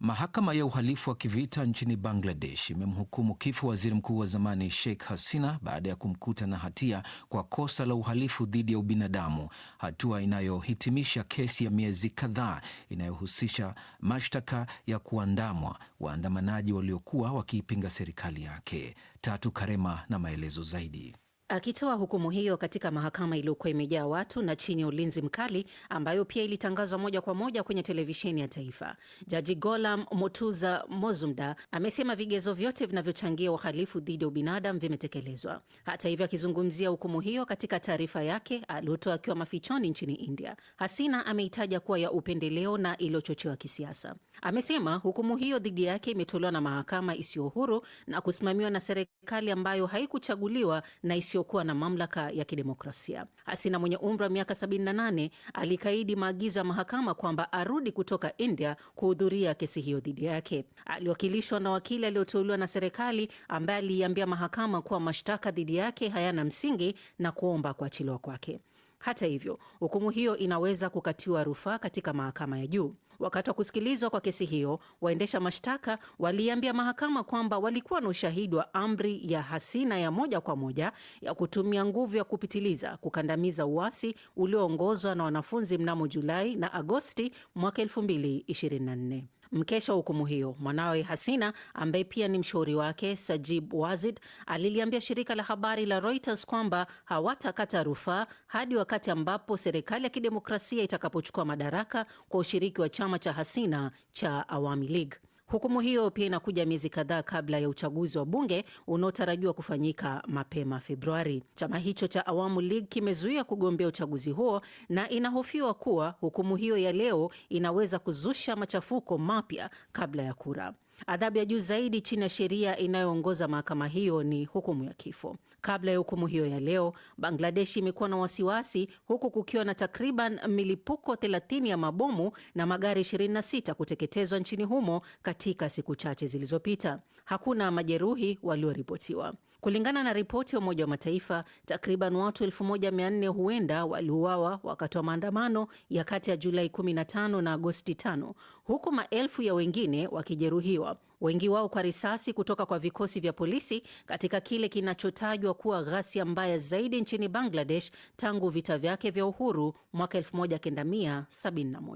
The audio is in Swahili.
Mahakama ya uhalifu wa kivita nchini Bangladesh imemhukumu kifo waziri mkuu wa zamani Sheikh Hasina baada ya kumkuta na hatia kwa kosa la uhalifu dhidi ya ubinadamu, hatua inayohitimisha kesi ya miezi kadhaa inayohusisha mashtaka ya kuandamwa waandamanaji waliokuwa wakiipinga serikali yake. Tatu Karema na maelezo zaidi. Akitoa hukumu hiyo katika mahakama iliyokuwa imejaa watu na chini ya ulinzi mkali ambayo pia ilitangazwa moja kwa moja kwenye televisheni ya taifa, Jaji Golam Motuza mozumda amesema vigezo vyote vinavyochangia uhalifu dhidi ya ubinadamu vimetekelezwa. Hata hivyo, akizungumzia hukumu hiyo katika taarifa yake aliotoa akiwa mafichoni nchini India, Hasina ameitaja kuwa ya upendeleo na iliyochochewa kisiasa. Amesema hukumu hiyo dhidi yake imetolewa na mahakama isiyo huru na kusimamiwa na serikali ambayo haikuchaguliwa na isiyo wasiokuwa na mamlaka ya kidemokrasia. Hasina mwenye umri wa miaka 78 alikaidi maagizo ya mahakama kwamba arudi kutoka India kuhudhuria kesi hiyo dhidi yake. Aliwakilishwa na wakili aliyoteuliwa na serikali ambaye aliiambia mahakama kuwa mashtaka dhidi yake hayana msingi na kuomba kuachiliwa kwake. Hata hivyo, hukumu hiyo inaweza kukatiwa rufaa katika mahakama ya juu. Wakati wa kusikilizwa kwa kesi hiyo, waendesha mashtaka waliambia mahakama kwamba walikuwa na ushahidi wa amri ya Hasina ya moja kwa moja ya kutumia nguvu ya kupitiliza kukandamiza uasi ulioongozwa na wanafunzi mnamo Julai na Agosti mwaka 2024. Mkesha wa hukumu hiyo, mwanawe Hasina ambaye pia ni mshauri wake Sajib Wazid aliliambia shirika la habari la Reuters kwamba hawatakata rufaa hadi wakati ambapo serikali ya kidemokrasia itakapochukua madaraka kwa ushiriki wa chama cha Hasina cha Awami League. Hukumu hiyo pia inakuja miezi kadhaa kabla ya uchaguzi wa bunge unaotarajiwa kufanyika mapema Februari. Chama hicho cha Awamu League kimezuia kugombea uchaguzi huo na inahofiwa kuwa hukumu hiyo ya leo inaweza kuzusha machafuko mapya kabla ya kura. Adhabu ya juu zaidi chini ya sheria inayoongoza mahakama hiyo ni hukumu ya kifo. Kabla ya hukumu hiyo ya leo, Bangladesh imekuwa na wasiwasi huku kukiwa na takriban milipuko 30 ya mabomu na magari 26 kuteketezwa nchini humo katika siku chache zilizopita. Hakuna majeruhi walioripotiwa. Kulingana na ripoti ya Umoja wa Mataifa, takriban watu 1400 huenda waliuawa wakati wa maandamano ya kati ya Julai 15 na Agosti 5, huku maelfu ya wengine wakijeruhiwa, wengi wao kwa risasi kutoka kwa vikosi vya polisi katika kile kinachotajwa kuwa ghasia mbaya zaidi nchini Bangladesh tangu vita vyake vya uhuru mwaka 1971.